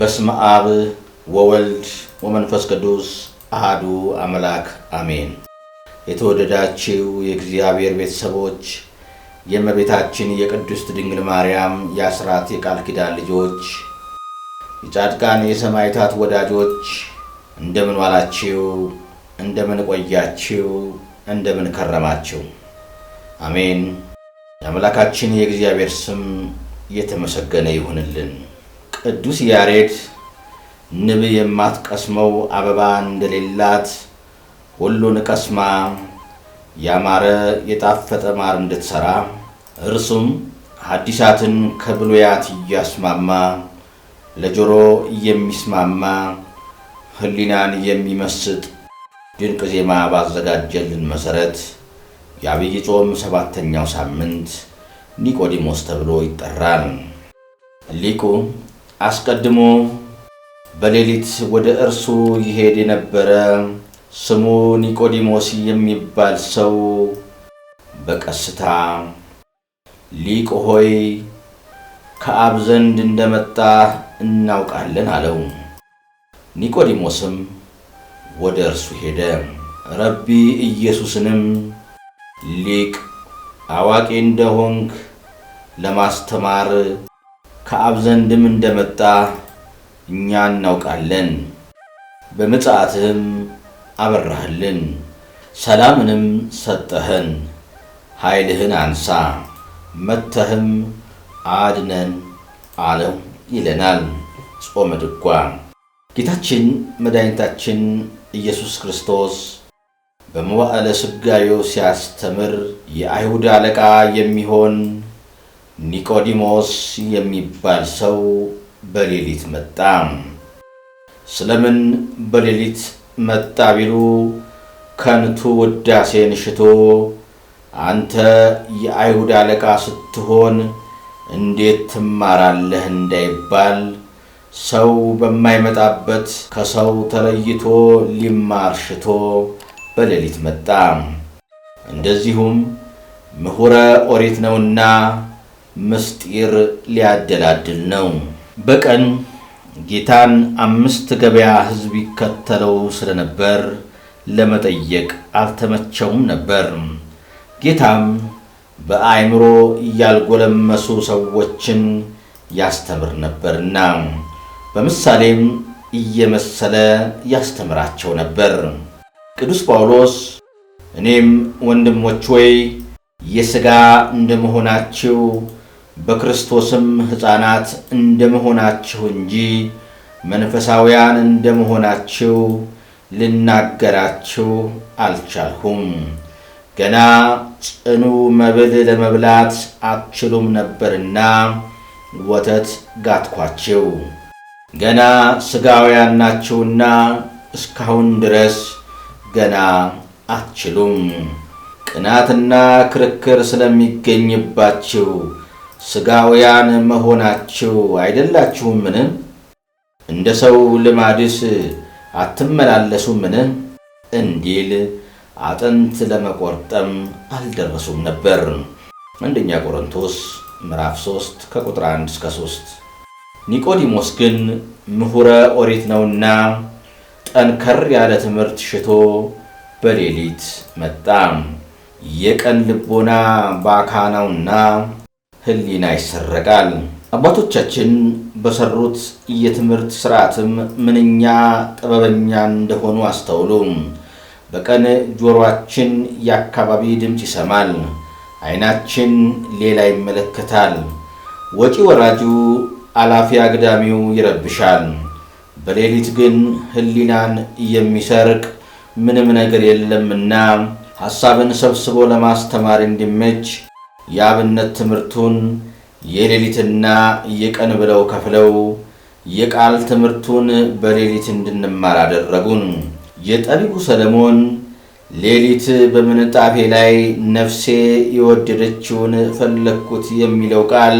በስመ አብ ወወልድ ወመንፈስ ቅዱስ አሃዱ አምላክ አሜን። የተወደዳችው የእግዚአብሔር ቤተሰቦች የእመቤታችን የቅድስት ድንግል ማርያም የአስራት የቃል ኪዳን ልጆች የጻድቃን የሰማዕታት ወዳጆች እንደምን ዋላችሁ? እንደምን ቆያችሁ? እንደምን ከረማችሁ? አሜን። የአምላካችን የእግዚአብሔር ስም የተመሰገነ ይሁንልን። ቅዱስ ያሬድ ንብ የማትቀስመው አበባ እንደሌላት ሁሉን ቀስማ ያማረ የጣፈጠ ማር እንድትሰራ እርሱም ሐዲሳትን ከብሉያት እያስማማ ለጆሮ የሚስማማ ሕሊናን የሚመስጥ ድንቅ ዜማ ባዘጋጀልን መሠረት የአብይ ጾም ሰባተኛው ሳምንት ኒቆዲሞስ ተብሎ ይጠራል። ሊቁ አስቀድሞ በሌሊት ወደ እርሱ ይሄድ የነበረ ስሙ ኒቆዲሞስ የሚባል ሰው በቀስታ ሊቅ ሆይ ከአብ ዘንድ እንደመጣ እናውቃለን አለው። ኒቆዲሞስም ወደ እርሱ ሄደ። ረቢ ኢየሱስንም ሊቅ አዋቂ እንደሆንክ ለማስተማር ከአብ ዘንድም እንደመጣ እኛ እናውቃለን። በምጽአትህም አበራህልን፣ ሰላምንም ሰጠህን። ኃይልህን አንሳ መተህም አድነን አለው ይለናል ጾመ ድጓ። ጌታችን መድኃኒታችን ኢየሱስ ክርስቶስ በመዋዕለ ሥጋዌው ሲያስተምር የአይሁድ አለቃ የሚሆን ኒቆዲሞስ የሚባል ሰው በሌሊት መጣ። ስለምን በሌሊት መጣ ቢሉ ከንቱ ውዳሴን ሽቶ አንተ የአይሁድ አለቃ ስትሆን እንዴት ትማራለህ እንዳይባል ሰው በማይመጣበት ከሰው ተለይቶ ሊማር ሽቶ በሌሊት መጣ። እንደዚሁም ምሁረ ኦሪት ነውና ምስጢር ሊያደላድል ነው። በቀን ጌታን አምስት ገበያ ሕዝብ ይከተለው ስለነበር ለመጠየቅ አልተመቸውም ነበር። ጌታም በአእምሮ እያልጎለመሱ ሰዎችን ያስተምር ነበርና በምሳሌም እየመሰለ ያስተምራቸው ነበር። ቅዱስ ጳውሎስ እኔም ወንድሞች ወይ የሥጋ እንደመሆናችሁ በክርስቶስም ሕፃናት እንደመሆናችሁ እንጂ መንፈሳውያን እንደመሆናችሁ ልናገራችሁ አልቻልሁም። ገና ጽኑ መብል ለመብላት አትችሉም ነበርና ወተት ጋትኳችሁ። ገና ሥጋውያን ናችሁና እስካሁን ድረስ ገና አትችሉም። ቅናትና ክርክር ስለሚገኝባችሁ ሥጋውያን መሆናችሁ አይደላችሁምን? እንደ ሰው ልማድስ አትመላለሱምን? እንዲል አጥንት ለመቆርጠም አልደረሱም ነበር። አንደኛ ቆሮንቶስ ምዕራፍ 3 ከቁጥር 1 እስከ 3። ኒቆዲሞስ ግን ምሁረ ኦሪት ነውና ጠንከር ያለ ትምህርት ሽቶ በሌሊት መጣ። የቀን ልቦና ባካ ነውና ህሊና ይሰረቃል። አባቶቻችን በሰሩት የትምህርት ስርዓትም ምንኛ ጥበበኛ እንደሆኑ አስተውሉ። በቀን ጆሮአችን የአካባቢ ድምፅ ይሰማል፣ አይናችን ሌላ ይመለከታል፣ ወጪ ወራጁ አላፊ አግዳሚው ይረብሻል። በሌሊት ግን ህሊናን የሚሰርቅ ምንም ነገር የለምና ሐሳብን ሰብስቦ ለማስተማር እንዲመች የአብነት ትምህርቱን የሌሊትና የቀን ብለው ከፍለው የቃል ትምህርቱን በሌሊት እንድንማር አደረጉን። የጠቢቡ ሰለሞን ሌሊት በምንጣፌ ላይ ነፍሴ የወደደችውን ፈለግኩት የሚለው ቃል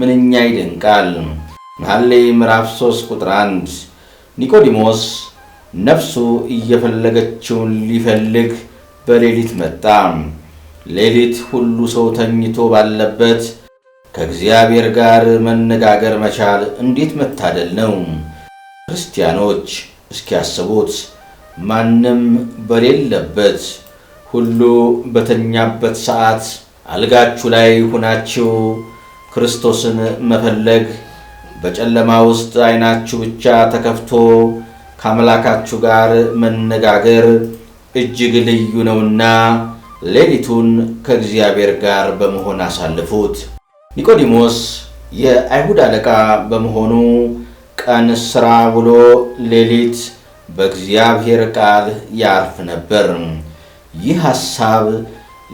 ምንኛ ይደንቃል። መኃልየ ምዕራፍ 3 ቁጥር 1። ኒቆዲሞስ ነፍሱ እየፈለገችውን ሊፈልግ በሌሊት መጣ። ሌሊት ሁሉ ሰው ተኝቶ ባለበት ከእግዚአብሔር ጋር መነጋገር መቻል እንዴት መታደል ነው! ክርስቲያኖች እስኪያስቡት ማንም በሌለበት ሁሉ በተኛበት ሰዓት አልጋችሁ ላይ ሁናችሁ ክርስቶስን መፈለግ በጨለማ ውስጥ ዓይናችሁ ብቻ ተከፍቶ ከአምላካችሁ ጋር መነጋገር እጅግ ልዩ ነውና ሌሊቱን ከእግዚአብሔር ጋር በመሆን አሳልፉት። ኒቆዲሞስ የአይሁድ አለቃ በመሆኑ ቀን ሥራ ውሎ ሌሊት በእግዚአብሔር ቃል ያርፍ ነበር። ይህ ሐሳብ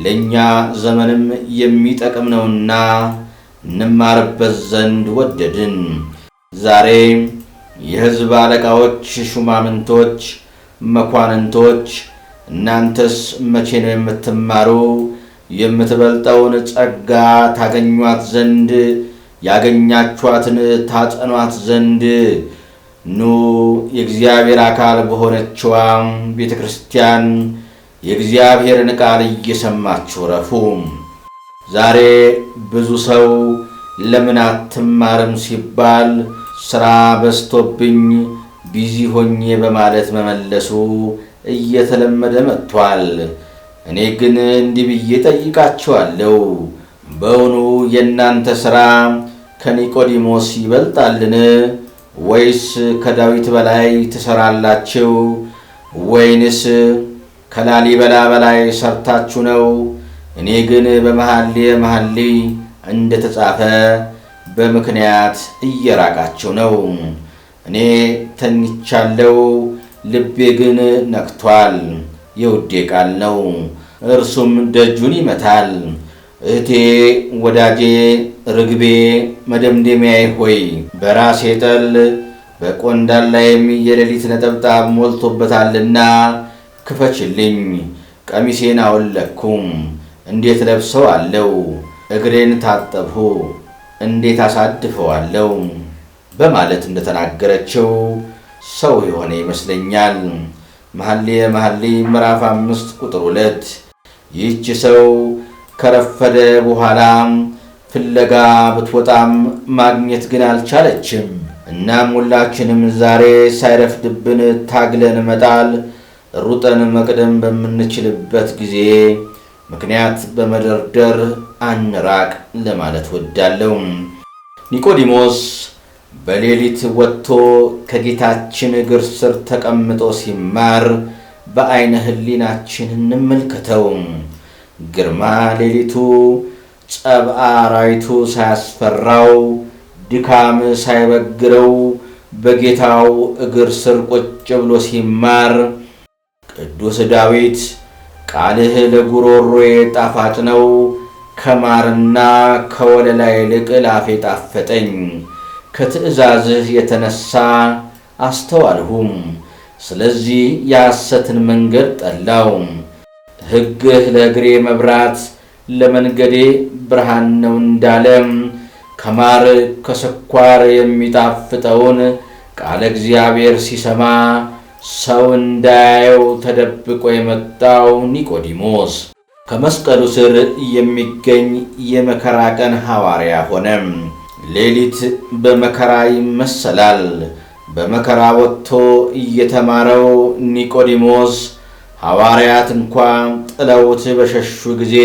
ለእኛ ዘመንም የሚጠቅም ነውና እንማርበት ዘንድ ወደድን። ዛሬ የሕዝብ አለቃዎች፣ ሹማምንቶች፣ መኳንንቶች እናንተስ መቼ ነው የምትማሩ? የምትበልጠውን ጸጋ ታገኟት ዘንድ ያገኛችኋትን ታጸኗት ዘንድ ኑ የእግዚአብሔር አካል በሆነችዋ ቤተ ክርስቲያን የእግዚአብሔርን ቃል እየሰማችሁ ረፉ። ዛሬ ብዙ ሰው ለምን አትማርም ሲባል ሥራ በዝቶብኝ ቢዚ ሆኜ በማለት መመለሱ እየተለመደ መጥቷል። እኔ ግን እንዲህ ብዬ ጠይቃችኋለሁ፣ በውኑ የእናንተ ሥራ ከኒቆዲሞስ ይበልጣልን? ወይስ ከዳዊት በላይ ትሠራላችሁ? ወይንስ ከላሊበላ በላይ ሰርታችሁ ነው? እኔ ግን በመሐሌ መሐሌ እንደ ተጻፈ በምክንያት እየራቃችሁ ነው። እኔ ተኝቻለሁ ልቤ ግን ነቅቷል። የውዴ ቃል ነው፣ እርሱም ደጁን ይመታል። እህቴ ወዳጄ፣ ርግቤ፣ መደምደሚያዬ ሆይ በራሴ ጠል በቆንዳል ላይም የሌሊት ነጠብጣብ ሞልቶበታልና ክፈችልኝ። ቀሚሴን አወለኩም፣ እንዴት ለብሰው አለው። እግሬን ታጠብሁ፣ እንዴት አሳድፈዋለው በማለት እንደተናገረችው ሰው የሆነ ይመስለኛል። መኃልየ መኃልይ ምዕራፍ አምስት ቁጥር ሁለት ይህች ሰው ከረፈደ በኋላ ፍለጋ ብትወጣም ማግኘት ግን አልቻለችም። እናም ሁላችንም ዛሬ ሳይረፍድብን ታግለን መጣል ሩጠን መቅደም በምንችልበት ጊዜ ምክንያት በመደርደር አንራቅ ለማለት ወዳለው ኒቆዲሞስ በሌሊት ወጥቶ ከጌታችን እግር ስር ተቀምጦ ሲማር በአይነ ህሊናችን እንመልከተው። ግርማ ሌሊቱ ጸብአ አራዊቱ ሳያስፈራው ድካም ሳይበግረው በጌታው እግር ስር ቁጭ ብሎ ሲማር ቅዱስ ዳዊት ቃልህ ለጉሮሮዬ ጣፋጭ ነው፣ ከማርና ከወለላ ይልቅ ላፌ ጣፈጠኝ ከትእዛዝህ የተነሳ አስተዋልሁም። ስለዚህ የሐሰትን መንገድ ጠላው። ሕግህ ለእግሬ መብራት ለመንገዴ ብርሃን ነው እንዳለም ከማር ከስኳር የሚጣፍጠውን ቃለ እግዚአብሔር ሲሰማ ሰው እንዳያየው ተደብቆ የመጣው ኒቆዲሞስ ከመስቀሉ ስር የሚገኝ የመከራ ቀን ሐዋርያ ሆነም። ሌሊት በመከራ ይመሰላል። በመከራ ወጥቶ እየተማረው ኒቆዲሞስ ሐዋርያት እንኳ ጥለውት በሸሹ ጊዜ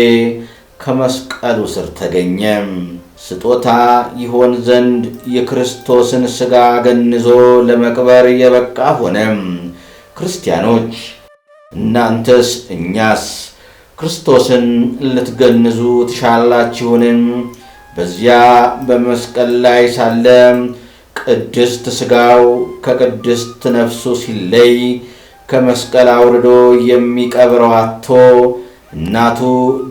ከመስቀሉ ስር ተገኘ። ስጦታ ይሆን ዘንድ የክርስቶስን ሥጋ ገንዞ ለመቅበር የበቃ ሆነ። ክርስቲያኖች እናንተስ እኛስ ክርስቶስን ልትገንዙ ትሻላችሁንም? በዚያ በመስቀል ላይ ሳለ ቅድስት ሥጋው ከቅድስት ነፍሱ ሲለይ ከመስቀል አውርዶ የሚቀብረው አቶ እናቱ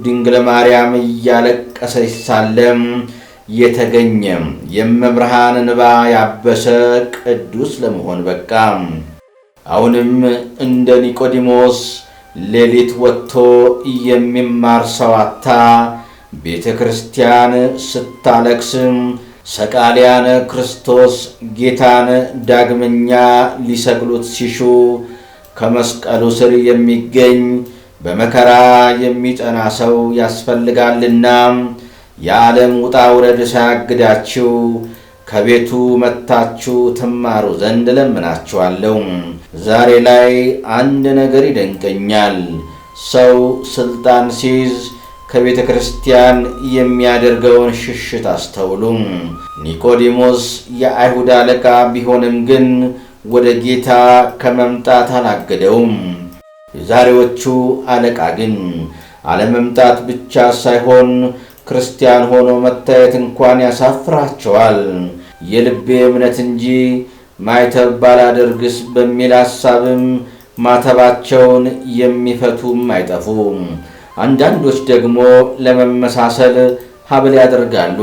ድንግል ማርያም እያለቀሰች ሳለም የተገኘ የመብርሃን እንባ ያበሰ ቅዱስ ለመሆን በቃ። አሁንም እንደ ኒቆዲሞስ ሌሊት ወጥቶ የሚማር ሰዋታ ቤተ ክርስቲያን ስታለቅስም ሰቃሊያን ክርስቶስ ጌታን ዳግመኛ ሊሰቅሉት ሲሹ ከመስቀሉ ስር የሚገኝ በመከራ የሚጠና ሰው ያስፈልጋልና የዓለም ውጣ ውረድ ሳያግዳችሁ ከቤቱ መታችሁ ትማሩ ዘንድ እለምናችኋለሁ። ዛሬ ላይ አንድ ነገር ይደንቀኛል። ሰው ስልጣን ሲይዝ ከቤተ ክርስቲያን የሚያደርገውን ሽሽት አስተውሉም። ኒቆዲሞስ የአይሁድ አለቃ ቢሆንም ግን ወደ ጌታ ከመምጣት አላገደውም። የዛሬዎቹ አለቃ ግን አለመምጣት ብቻ ሳይሆን ክርስቲያን ሆኖ መታየት እንኳን ያሳፍራቸዋል። የልቤ እምነት እንጂ ማይተብ ባላደርግስ በሚል ሐሳብም ማተባቸውን የሚፈቱም አይጠፉም። አንዳንዶች ደግሞ ለመመሳሰል ሀብል ያደርጋሉ።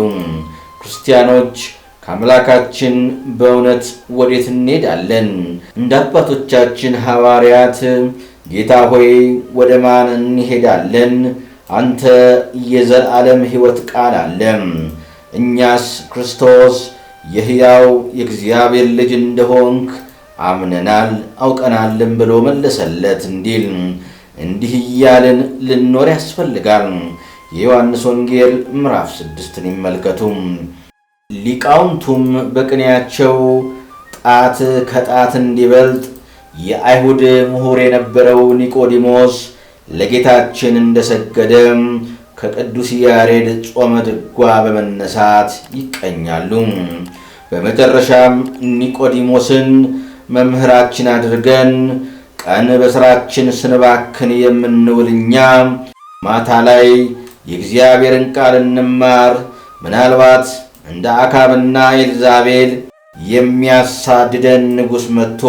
ክርስቲያኖች ከአምላካችን በእውነት ወዴት እንሄዳለን? እንደ አባቶቻችን ሐዋርያት ጌታ ሆይ ወደ ማን እንሄዳለን? አንተ የዘላለም ሕይወት ቃል አለ። እኛስ ክርስቶስ የሕያው የእግዚአብሔር ልጅ እንደሆንክ አምነናል አውቀናልም ብሎ መለሰለት እንዲል እንዲህ እያልን ልኖር ያስፈልጋል። የዮሐንስ ወንጌል ምዕራፍ ስድስትን ይመልከቱ። ሊቃውንቱም በቅኔያቸው ጣት ከጣት እንዲበልጥ የአይሁድ ምሁር የነበረው ኒቆዲሞስ ለጌታችን እንደሰገደ ከቅዱስ ያሬድ ጾመ ድጓ በመነሳት ይቀኛሉ። በመጨረሻም ኒቆዲሞስን መምህራችን አድርገን ቀን በሥራችን ስንባክን የምንውል እኛ ማታ ላይ የእግዚአብሔርን ቃል እንማር። ምናልባት እንደ አካብና ኤልዛቤል የሚያሳድደን ንጉሥ መጥቶ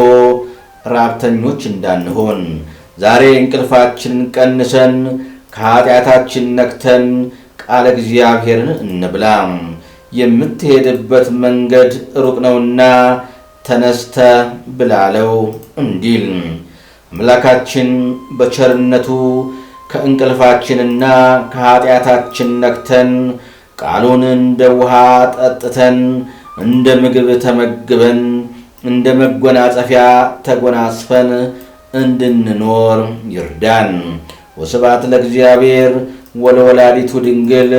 ራብተኞች እንዳንሆን ዛሬ እንቅልፋችንን ቀንሰን ከኀጢአታችን ነቅተን ቃለ እግዚአብሔርን እንብላ። የምትሄድበት መንገድ ሩቅ ነውና ተነስተ ብላለው እንዲል አምላካችን በቸርነቱ ከእንቅልፋችንና ከኃጢአታችን ነክተን ቃሉን እንደ ውሃ ጠጥተን እንደ ምግብ ተመግበን እንደ መጎናጸፊያ ተጎናጽፈን እንድንኖር ይርዳን። ወስብሐት ለእግዚአብሔር ወለወላዲቱ ድንግል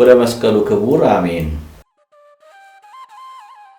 ወለመስቀሉ ክቡር አሜን።